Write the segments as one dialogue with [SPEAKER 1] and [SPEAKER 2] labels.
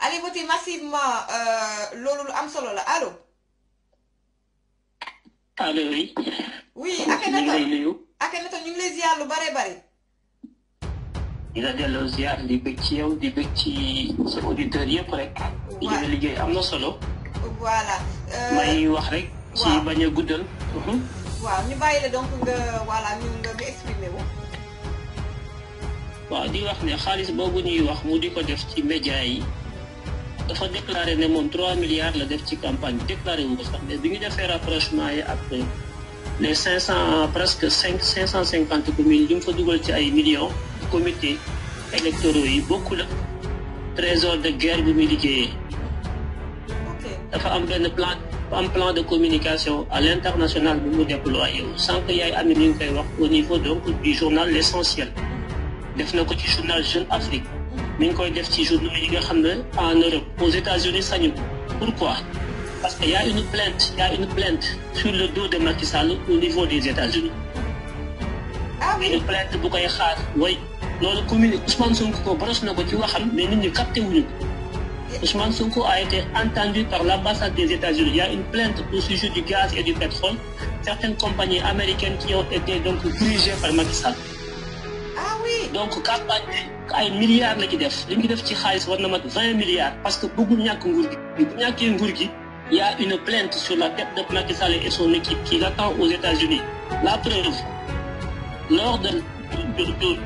[SPEAKER 1] allez voter massivement euh, loolu lu am solo la allo. allo oui. oui Akhenaton ñu ngi lay nuyu. Akhenaton lu bare bare. di la delloo ziar di bëgg ci yow di bëgg ci sa auditeurs yëpp rek. waaw li liggéey am na solo. voilà. Euh, may wax rek. ci bañ a guddal. Mhm. waaw ñu bàyyi la donc nga voilà nga nga exprimer waaw di wax ne xaalis boobu ñuy wax mu di ko def ci média yi. dafa déclaré ne moom 3 milliards la def ci campagne Déclarer wu ko sax mais bi ñu defee rapprochement yi ak les 500 presque 5 550 communes il faut fa dugal ci ay millions comité électoraux yi bokku la trésor de guerre bi muy liggéeyee. dafa am benn plan plan de communication à l'international bu mu déployé sans que yaay ait ni ñu koy wax au niveau donc du journal l'essentiel def na ko ci journal Jeune Afrique mi koy def ci journaux yi nga xam en Europe aux États-Unis sañu pourquoi parce que y a une plainte il y a une plainte sur le dos de Macky au niveau des États-Unis ah oui une plainte bu koy xaar Oui. loolu commune Ousmane Sonko ko boros na ci waxam mais nit ñi capté wuñu Ousmane Sonko a été entendu par l'ambassade des États-Unis. Il y a une plainte au sujet du gaz et du pétrole. Certaines compagnies américaines qui ont été donc dirigées par Macky Ah oui. Donc campagne ay milliards la ci def li mu def ci 20 war milliards parce que bëggul ñàkk nguur gi bu ñàkkee nguur y a une plainte sur la tête de Macky Sall et son équipe qui l'attend aux États-Unis la preuve lors de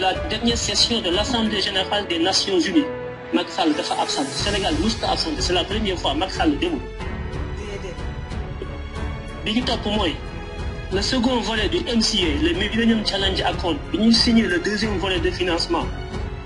[SPEAKER 1] la dernière session de l'Assemblée générale des Nations Unies Macky Sall dafa absent Sénégal musta absent c'est la première fois Macky Sall demul bi ñu le second volet du MCA le Millennium Challenge Accord bi ñu le deuxième volet de financement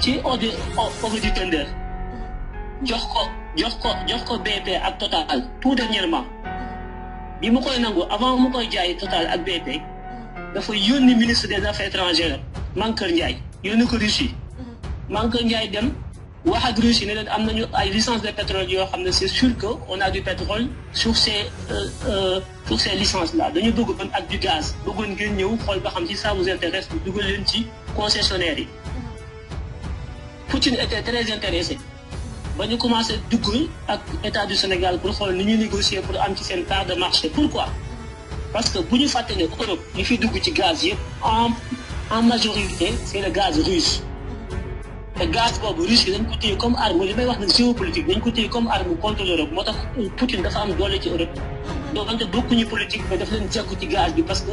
[SPEAKER 1] ci du tender Total tout dernièrement avant mu koy Total ak BP ministre des affaires étrangères Ndiaye Russie de pétrole c'est sûr que on a du pétrole sur ces euh, euh, sur ces licences là dañu bëgg ak du gaz bëggoon ngeen ñëw xool ba xam si ça vous intéresse dugal leen ci concessionnaire Poutine était très intéressé nous nous commencé à ak état du Sénégal pour faire ni négocier pour un petit part de marché pourquoi parce que pour nous faire ne Europe nous faisons du ci gaz en en majorité c'est le gaz russe Le gaz bob, russe il un côté comme arme li may wax géopolitique il ko comme arme contre l'Europe moo Poutine dafa am doole ci Europe beaucoup bokkuñu politique mais politiques, il un ci gaz du parce que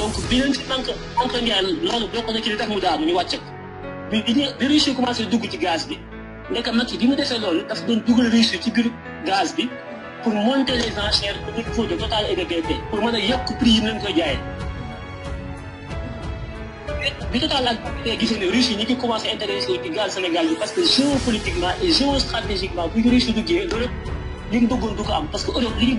[SPEAKER 1] donc bi leen ci tànk tànk ngeen loolu bokk na ci li mu daanu ñu wàcc bi bi bi dugg ci gaz bi ndeka Macky bi mu defee loolu daf doon dugal Russie ci biir gaz bi pour monter les enchères au niveau de Total et de BP pour mën a yokk prix yi mu leen koy jaayee. bi Total ak BP gisee ne Russie ñi ngi commencé intéressé ci gaz Sénégal bi parce que géopolitiquement et géostratégiquement bu ñu Russie duggee loolu li ñu bëggoon du am parce que Europe li ñu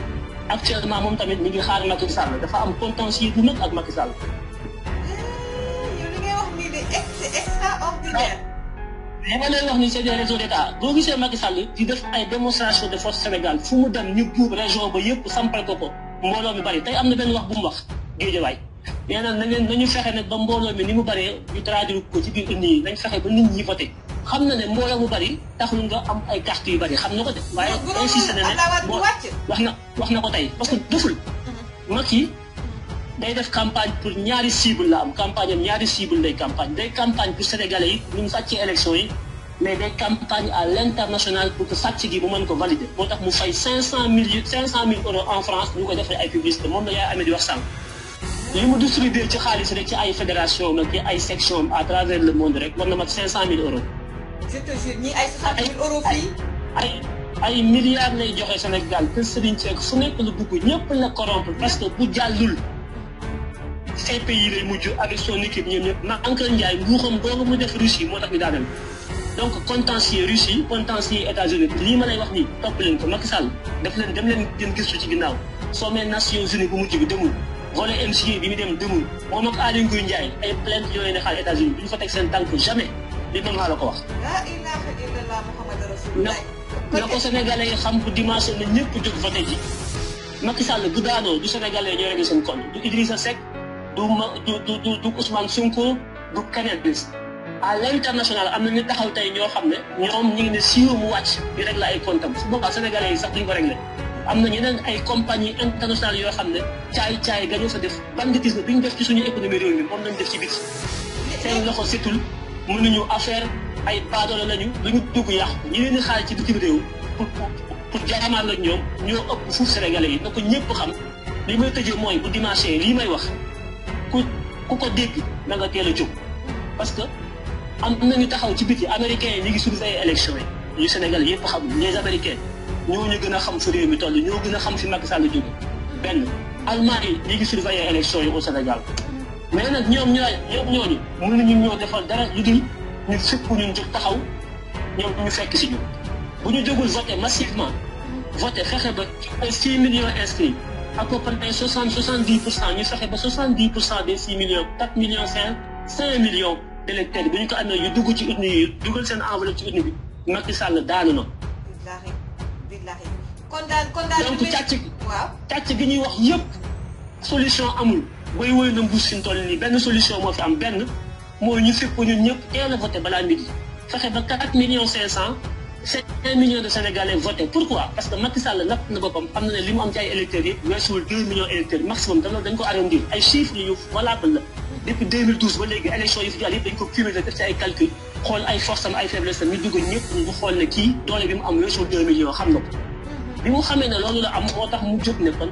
[SPEAKER 1] actuellement moom tamit mu ngi xaar Macky Sall dafa am contentieux bu mag ak Macky Sall. yow li ngay wax nii de c'est extraordinaire. li boo gisee Macky Sall di def ay démonstration de force Sénégal fu mu dem ñu buub région ba yëpp sampal ko ko mbooloo mi bari tey am na benn wax bu wax Guédiawaye. nee na na leen na ñu fexe nag ba mbooloo mi ni mu baree ñu traduire ko ci biir indi yi nañ fexe ko nit ñi voté. xam na ne mbooloo bu bari taxul nga am ay carte yu bari xam na ko de waaye insisté na wax na wax na ko tey parce que doful mm-hmm. Macky day def campagne pour ñaari cible la am campagne am ñaari cible lay campagne day campagne pour sénégalais yi ñu sàcc élection yi mais day campagne à l'international pour que sàcc gi mu mën ko valider moo tax mu fay cinq cent mille cinq cent euros en France mu distribuer euros je te jure ni ay 60 000 euros fi ay ay milliards lay joxe Sénégal te Serigne Seck fu nekk lu bugu ñepp la corrompre parce que bu jallul ces pays lay muju avec son équipe ñepp ñëpp ma Ancar nguxam mbuuxam boobu mu def Russie moo tax ñu daaneel. donc contentieux Russie contentieux États-Unis li ma lay wax ni top leen ko Macky Sall def leen dem leen gën gistu ci ginnaaw sommet Nations Unies bu muju bi demul. volet MCA bi mu dem demul moom ak Aly Ngouille Ndiaye ay plainte yooyu ne xaar États-Unis buñ fa tek sen tank jamais. Dimalako wax. La ilaha Ina Muhammadur Rasulullah. na ko sénégalais yi xam ko dimanche na ñëpp jóg voté ji Macky Sall bu daanoo du sénégalais ñoo réglé seen compte du Idrissa Seck du du du du Ousmane Sonko du keneen bis à l'international am na ñu taxaw tey ñoo xam ne ñoom ñu ngi ne siiw mu wàcc di réglé ay compte am su boobaa yi sax duñ ko réglé am na ñeneen ay compagnie internationale yoo xam ne caay caay gañoo def banditisme bi ñu def ci suñu économie réew mi moom lañ def ci biir seen loxo setul mënuñu affaire ay baadoole lañu lu ñu dugg yàq ñi leen di xaar ci bitim réew pour pour jaamaan ak ñoom ñoo ëpp fuuf sénégalais yi na ko ñëpp xam li may tëjee mooy bu yi lii may wax ku ku ko dégg na nga teel a jóg parce que am nañu taxaw ci biti américains yi ñu ngi suñu ay yi ñu Sénégal yëpp xam les américains ñoo ñu gën a xam fi réew mi toll ñoo gën a xam fi Macky Sall jóg benn Allemagne yi ñu ngi surveiller élection yi au Sénégal mais ñom ñoom ñooy ñoni ñooñu ñu ñoo defal dara lu di ñu fépp ñun jox taxaw ñoom ñu fekk ci ñu bu ñu jógul voté massivement voté fexe ba ay 6 millions inscrits à peu près 60 70 ñu fexe ba 70 pour des 6 millions 4 millions 5 5 millions d'électeurs bu ñu ko amé yu dugg ci urne yi duggal seen enveloppe ci urne bi Macky Sall daanu na. billahi billahi kon daal kon daal. waaw càcc gi ñuy wax yëpp solution amul booy woy na mbuus suñ toll nii benn solution mo fi am benn mooy ñu fekk ñun ñep teel a voté balaa midi fexe ba 4 millions 500 5 millions de Sénégalais voté pourquoi parce que Macky Sall nap na boppam am na limu am ci ay électeurs yi weesuwul 2 millions électeurs maximum dañoo dañ ko arrondir ay chiffres yu valable depuis 2012 ba légui élection yi fi jàll yëpp dañ ko cumuler def ci ay calcul xool ay force am ay faiblesse mi ñu dugg ñëpp ñu xool ne kii doole bi mu am weesuwul 2 millions xam na ko bi mu xamee ne loolu la am motax mu jóg ne kon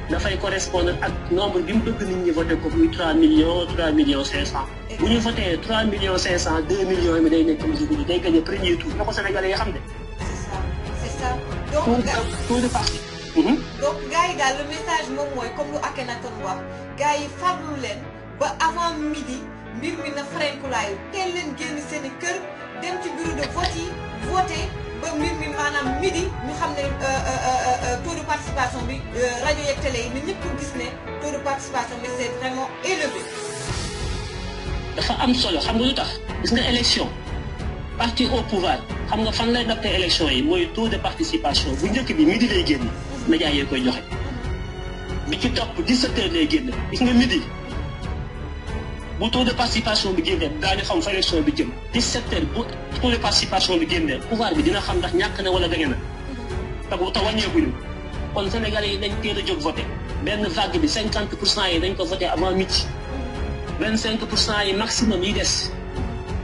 [SPEAKER 1] dafay correspondre ak nombre d'une mu bëgg nit ñi voté ko muy 3 millions 3 millions 500. bu ñu voté 3 millions 500 2 millions yi day nekk Moussa day gagné premier tout. donc Sénégalais yi xam de. c'est ça c'est ça. donc tout de parti. Mhm. Mhm. donc le message moom mooy comme lu Akhenaton wax gars yi farlu leen ba avant midi mbir mi na farenkulaayu teel leen génn c'est i kër dem ci bureau de vote yi voté ba maanaam midi ñu xam ne euh, euh, euh, taux de participation bi rajo yeeg télé yi nit ñëpp gis ne taux de participation bi c'est vraiment élevé. dafa am solo xam nga lu tax gis nga élection parti au pouvoir xam nga fan lay adapté élection yi mooy taux de participation bu njëkk bi midi lay génn média yee koy joxe bi ci topp 17 heures lay génn gis nga midi bu taux de participation bi génnee daañu xam fa élection bi jëm 17 heures bu taux de participation bi génnee pouvoir bi dina xam ndax ñàkk na wala gañe na te bu taw wàññeekuñu kon Sénégalais yi dañ teel a jóg voté benn vague bi 50 pour cent yi dañ ko voté avant midi 25 pour cent yi maximum yi des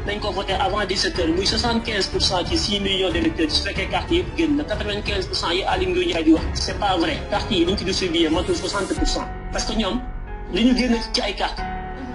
[SPEAKER 1] dañ ko voté avant 17 heures muy 75 pour cent ci 6 millions d' électeurs su fekkee carte yëpp génn na 95 pour cent yi Aliou Ngouille Ndiaye di wax c' est pas vrai carte yi ni ñu ko distribué matul 60 pour cent parce que ñoom li ñu génn ci ay carte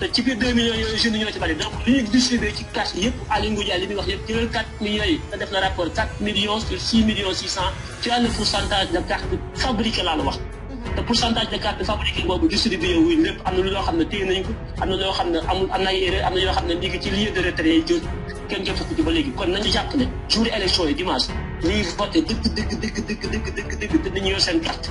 [SPEAKER 1] te ci biir 2 millions yooyu jeunes ñoo ci bari donc li ñu distribué ci cash yëpp Aly Ngouille Ndiaye li muy wax yëpp jëlal 4 millions yi te def na rapport 4 millions sur 6 millions 600 ci wàllu pourcentage de carte fabriquée laa wax. te pourcentage de carte fabriquée boobu distribué wuñ lépp am na loo xam ne téye nañ ko am na loo xam ne amul am na ay am na yoo xam ne léegi ci lieu de retrait yi jot kenn jotatu ci ba léegi kon nañu jàpp ne jour te nañu yor seen carte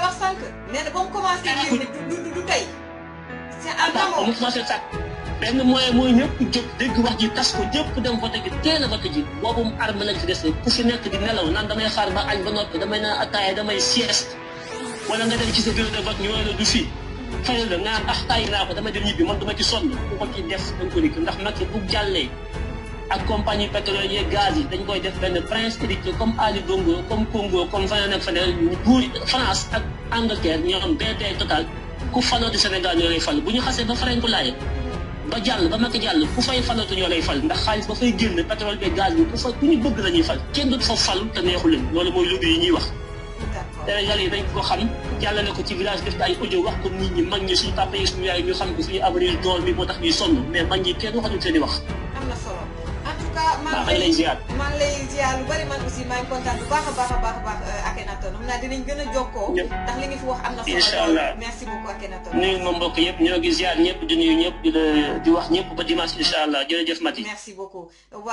[SPEAKER 1] sànq nee na ba mu commencé yéen du du tey. c' mu commencé sànq. benn moyen mooy ñëpp jóg dégg wax ji tas ko ñëpp dem vote ji teel a vote ji boobu mu arme lañ ci des la ku fi nekk di nelaw naan damay xaar ba añ ba noppi damay naan attaaya damay sieste wala nga dem ci sa bureau de vote ñoo la du fii. fayal la nga am ax taay naa dama damay dem ñibbi man dama ci sonn ku ko ci def da nga ko ndax nag bu jàllee. ak compagnie pétrolière yeeg gaz yi dañ koy def benn prince héritier comme Ali Bongo comme Congo comme feneen ak feneen France ak Angleterre ñoo xam BP Total ku falootu Sénégal ñoo lay fal bu ñu xasee ba farenku laaye ba jall ba Macky jall ku fay falootu ñoo lay fal ndax xaalis ba fay genn pétrole bi gaz bi ku fa ku ñu bëgg lañuy fal kenn du fa fal te neexu leen loolu mooy lobby yi ñuy wax Sénégal yi dañ ko xam jàllale ko ci village def ay audio wax ko nit ñi mag ñi suñu papa yi suñu yaay ñu xam ko suñu avril dool bi moo tax ñuy sonn mais mag ñi kenn waxatul seen i wax cas maa ngi lay ziar maa ngi lay ziar lu bari man aussi maa baax a baax a baax a baax euh, Akhenaton xam naa dinañ gën a jokkoo ndax li nga wax am na solo incha allah merci beaucoup Akhenaton nuyu ma mbokk yëpp ñoo ngi ziar ñëpp di ñëpp di la di wax ñëpp ba dimanche incha allah jërëjëf Mati merci beaucoup